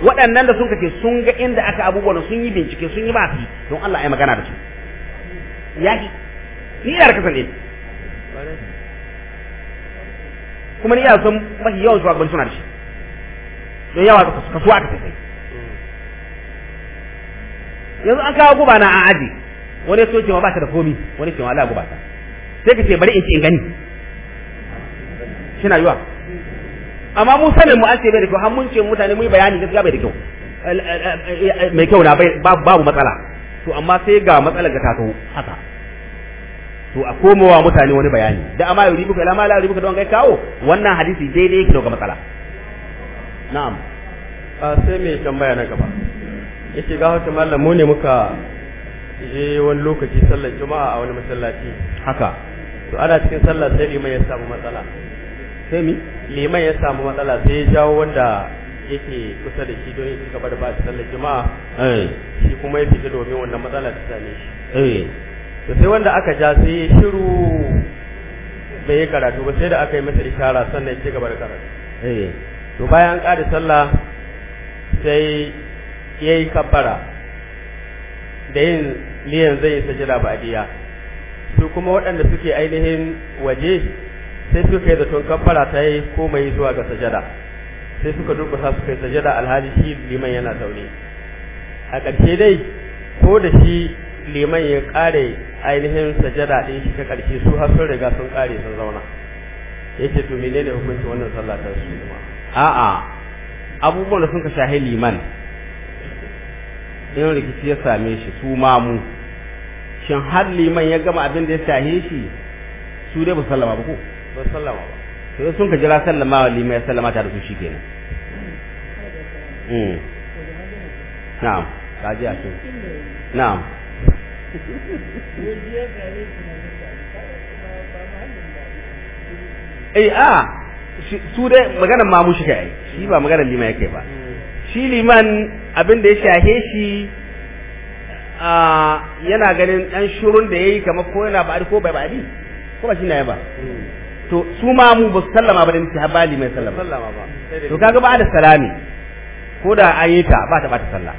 waɗannan da sun ka ce sun ga inda aka abubuwan sun yi bincike sun yi ba don Allah ai magana da su yaki ni ina da kasance kuma ni ya son mafi yawan shugaban suna da shi don yawa ka kasuwa aka sai yanzu an kawo guba na an aji wani so cewa ba ta da komi wani cewa ala guba ta sai ka ce bari in ci in gani na yiwa amma mu sanin mu an ce bai da kyau har mun ce mutane mun yi bayani gaskiya bai da kyau mai kyau na babu matsala to amma sai ga matsalar ga ta taho haka to a komowa mutane wani bayani da amma yuri buka ila mala yuri buka don kai kawo wannan hadisi daidai yake daga matsala na'am a sai me tambaya na gaba yace ga wata mallam mu ne muka je wani lokaci sallar juma'a a wani masallaci haka to ana cikin sallar sai liman ya samu matsala sai mi liman ya samu matsala sai ya jawo wanda yake kusa da shi don ya ci gaba da ba shi sallar juma'a eh. shi kuma ya fita domin wannan matsala ta same shi eh. to sai wanda aka ja sai shiru bai yi karatu ba sai da aka yi masa ishara sannan ya ci gaba da karatu eh. to bayan ƙara sallah sai ya yi kabbara da yin liyan zai yi sajada ba adiya su kuma waɗanda suke ainihin waje sai suka yi zaton kabbara ta yi komai zuwa ga sajada sai suka durkusa suka yi sajada alhali shi liman yana zaune a ƙarshe dai ko da shi liman ya ƙare ainihin sajada ɗin shi ta ƙarshe su har sun riga sun ƙare sun zauna yake to ne hukunci wannan sallah ta su a'a abubuwan da sun ka shahi liman in rikici ya same shi su mamu shin har liman ya gama abin da ya shahi shi su dai ba sallama ba ko ba sallama ba to sun ka jira sallama wa limai ya sallama ta da su shi kenan. Hmm. na'am kaji a cikin na'am eh a su dai maganar mamu shi kai shi ba maganar lima yake ba shi liman abin da ya shahe shi yana ganin dan shurun da yayi kamar ko yana ba'adi ko bai ba'adi ko ba shi na ya ba to su ma mu ba su sallama ba da muke habali mai sallama to kaga ba da salami ko da an yi ta ba ta bata sallah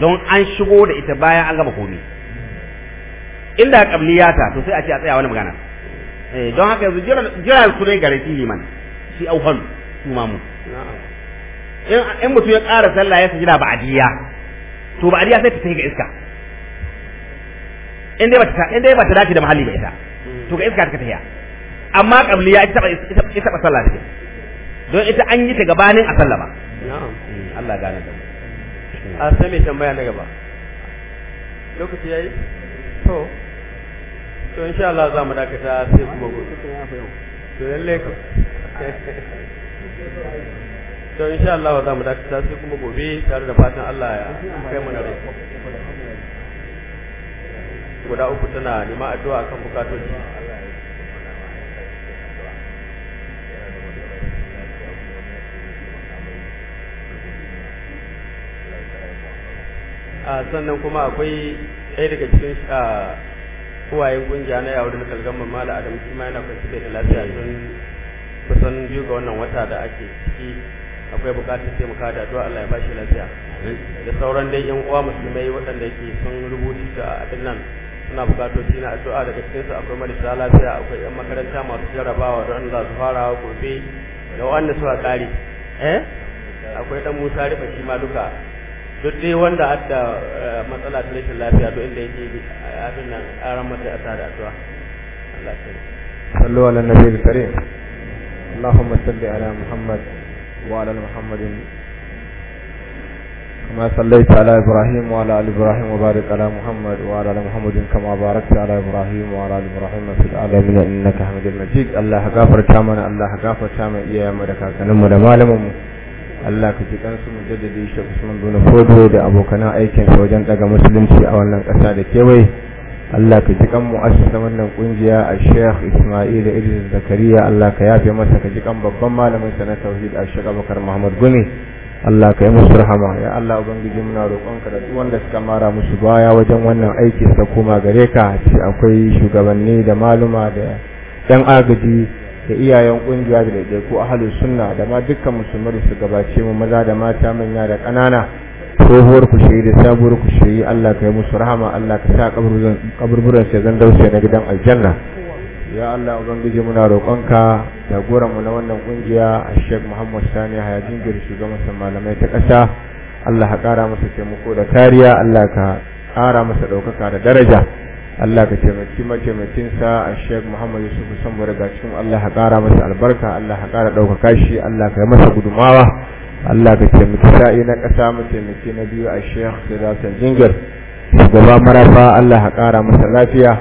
don an shigo da ita bayan an gama komi inda ta to sai a ce a tsaya wani magana eh, don haka yanzu jiran su ne gare liman shi auhalu su ma mu in mutum ya ƙara sallah ya sajida ba'adiyya to ba'adiyya sai ta tafi ga iska in dai ba ta dace da mahalli ba ita to ga iska ta tafiya amma qabliya ita taba ita taba sallah take don ita an yi ta gabanin a sallama na'am hmm, Allah gane da a sai mai tambaya na gaba lokaci yayi to to insha Allah za mu dakata sai kuma gobe to lalle ko to insha Allah za mu dakata sai kuma gobe tare da fatan Allah ya kai mu na rai guda uku tana neman addu'a kan bukatoci sannan kuma akwai ɗaya daga cikin kuwayen kungiya na yawon kalgan mamala adam shi ma yana kwanci da lafiya sun kusan biyu ga wannan wata da ake ciki akwai bukatar taimaka da addu'a Allah ya bashi lafiya da sauran dai yan uwa musulmai waɗanda ke sun rubuci da abin nan suna shi na addu'a daga cikin su akwai marisa lafiya akwai yan makaranta masu jarabawa da wanda su fara gobe da wanda suka kare eh akwai dan Musa Rifa shi ma duka duk dai wanda adda matsala ta rashin lafiya duk inda yake abin nan aran mata a tada addu'a Allah ya sallu ala nabiyil karim اللهم صل على محمد وعلى محمد كما صليت على إبراهيم وعلى آل إبراهيم وبارك على محمد وعلى آل محمد كما باركت على إبراهيم وعلى آل إبراهيم في العالمين إنك حميد مجيد الله غافر تامنا الله غافر تامنا إياه مدكا كنم مدمالمم Allah ka ji kansu mujaddadi Sheikh Usman Bola Fodo da abokan aikin sa wajen daga musulunci a wannan kasa da kewaye Allah ka ji kan mu'assasa wannan kungiya a Sheikh Ismail Idris Zakariya Allah ka yafe masa ka ji kan babban malamin sa na tauhid a Sheikh Abubakar Muhammad Gumi Allah ka yi musu rahama ya Allah ubangiji muna ka da duk wanda suka mara musu baya wajen wannan aiki sa koma gare ka ci akwai shugabanni da maluma da yan agaji da iyayen kungiya da daidaiku ahalus sunna da ma dukkan musulmai da su gabace mu maza da mata manya da ƙanana tsohuwar ku shayi da sabuwar ku shayi Allah ka yi musu rahama Allah ka sa kaburburan sai zan dauce na gidan aljanna ya Allah ubangiji muna roƙonka da goran mu na wannan kungiya Sheikh Muhammad Sani Hayajin Gir shugaban malamai ta ƙasa Allah ka ƙara masa taimako da kariya Allah ka ƙara masa ɗaukaka da daraja Allah ka taimaki mataimakinsa a Sheikh Muhammad Yusuf Sambo daga cikin Allah ka ƙara masa albarka Allah ka ƙara ɗaukaka shi Allah ka yi masa gudumawa Allah ka taimaki sa'i na ƙasa mataimaki na biyu a Sheikh Sidat Jingir shugaba marafa Allah ka ƙara masa lafiya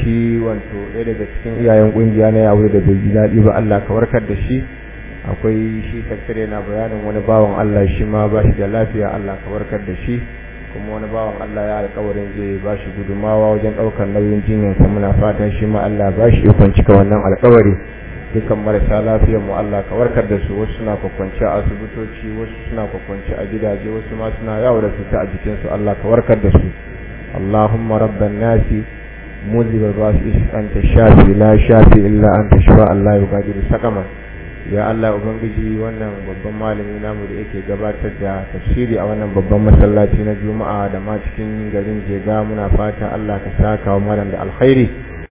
shi wanto ɗaya daga cikin iyayen ƙungiya na yawo da bai ji daɗi ba Allah ka warkar da shi akwai shi tattare na bayanin wani bawan Allah shi ma ba shi da lafiya Allah ka warkar da shi kuma wani bawan Allah ya alƙawarin zai ba shi gudumawa wajen ɗaukar nauyin jinyarsa muna fatan shi ma Allah ba shi ikon cika wannan alƙawari dukan marasa lafiyar mu Allah ka warkar da su wasu suna kwakwanci a asibitoci wasu suna kwakwanci a gidaje wasu ma suna yawo da su a jikinsu Allah ka warkar da su Allahumma rabban nasi مذهب الراس أنت الشافي لا شافي إلا ya شفاء لا يغادر سقما ya Allah ubangiji wannan babban malami namu da yake gabatar da tafsiri a wannan babban masallaci na juma'a da ma cikin garin jega muna fata Allah ka saka wa maran da alkhairi